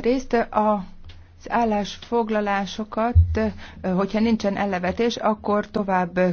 részt a az állásfoglalásokat, hogyha nincsen ellevetés, akkor tovább